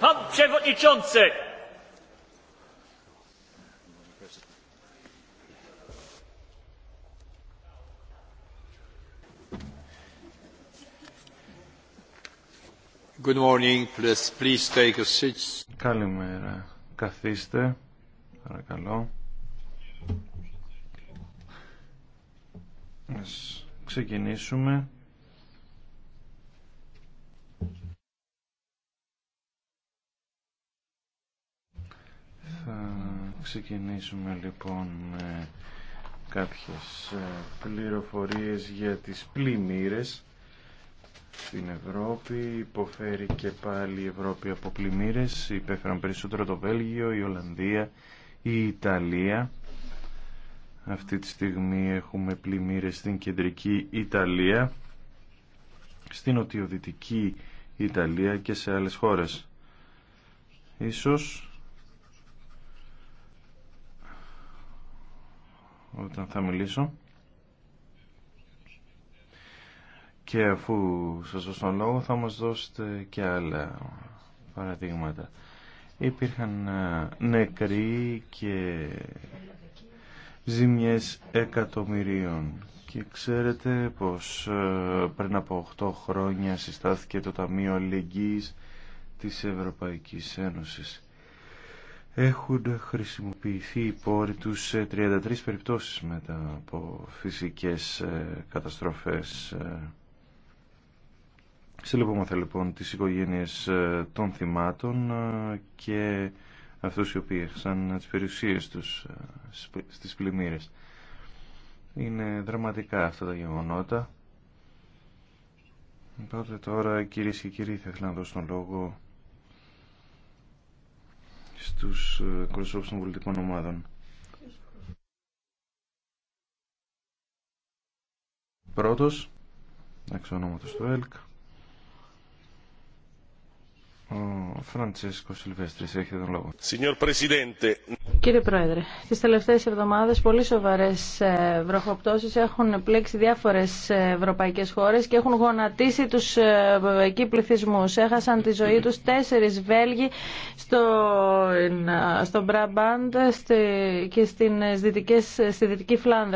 Pan Przewodniczący! Good morning. Please, please take a seat. Καλημέρα. Καθίστε. Παρακαλώ. Ας ξεκινήσουμε. Ξεκινήσουμε λοιπόν με κάποιες ε, πληροφορίες για τις πλημμύρες στην Ευρώπη. Υποφέρει και πάλι η Ευρώπη από πλημμύρες. Υπέφεραν περισσότερο το Βέλγιο, η Ολλανδία, η Ιταλία. Αυτή τη στιγμή έχουμε πλημμύρες στην κεντρική Ιταλία, στην νοτιοδυτική Ιταλία και σε άλλες χώρες. Ίσως όταν θα μιλήσω. Και αφού σας δώσω τον λόγο θα μας δώσετε και άλλα παραδείγματα. Υπήρχαν ε, νεκροί και ζημιές εκατομμυρίων. Και ξέρετε πως ε, πριν από 8 χρόνια συστάθηκε το Ταμείο Αλληλεγγύης της Ευρωπαϊκής Ένωσης έχουν χρησιμοποιηθεί οι πόροι τους σε 33 περιπτώσεις μετά από φυσικές ε, καταστροφές. Ε. Συλλογούμαθα λοιπόν τις οικογένειες ε, των θυμάτων και αυτούς οι οποίοι έχασαν τις περιουσίες τους στις πλημμύρες. Είναι δραματικά αυτά τα γεγονότα. Οπότε τώρα κυρίες και κύριοι θα ήθελα να δώσω τον λόγο τους ε, εκπροσώπους των πολιτικών ομάδων. Πρώτος, εξ ονόματος του ΕΛΚ. Σιλβέστρη τον λόγο. Κύριε Πρόεδρε, τι τελευταίε εβδομάδε πολύ σοβαρέ ε, βροχοπτώσει έχουν πλέξει διάφορε ε, ευρωπαϊκέ χώρε και έχουν γονατίσει του ε, εκεί πληθυσμού. Έχασαν τη ζωή του τέσσερι Βέλγοι στο, στο Μπραμπάντ και στην στη Δυτική Φλάνδρα.